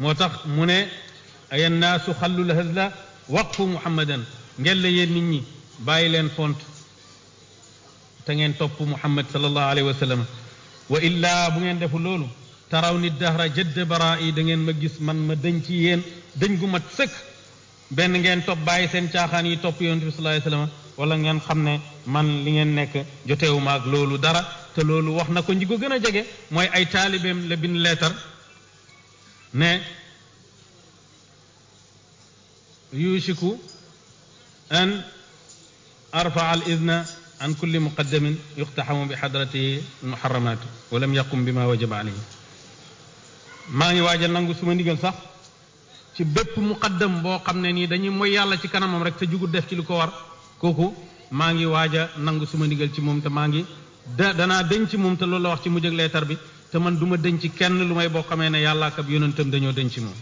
moo tax mu ne ay naasu xallul hazla waqfu muhammadan ngeen la yéen nit ñi bàyyi leen font te ngeen topp muhammad sallallahu alayhi wa sallam wa illaa bu ngeen defu loolu taraw ni dahra jëdd bara yi da ngeen ma gis man ma dëñ ci yéen dëñ gu mat sëkk benn ngeen topp bàyyi seen caaxaan yi topp yoon bi sallallahu wa sallam wala ngeen xam ne man li ngeen nekk jotewumaak loolu dara te loolu wax na ko ñi gën a jege mooy ay taalibeem la bind leetar ne yuusiku an arfaa al idna an kulli muqaddamin yuxtaxamu bi xadratihi muharramaatu wa lam yaqum bi ma wajaba alayhi maa ngi waajal nangu suma ndigal sax ci bépp muqaddam boo xam ne nii dañuy moy yàlla ci kanamam rek te jugut def ci lu ko war kooku maa ngi waaja nangu suma ndigal ci moom te maa ngi da danaa ci moom te loolu la wax ci mu ak leetar bi te man duma ma denc kenn lu may boo xamee ne yàlla ak ab yonentam dañoo denc moom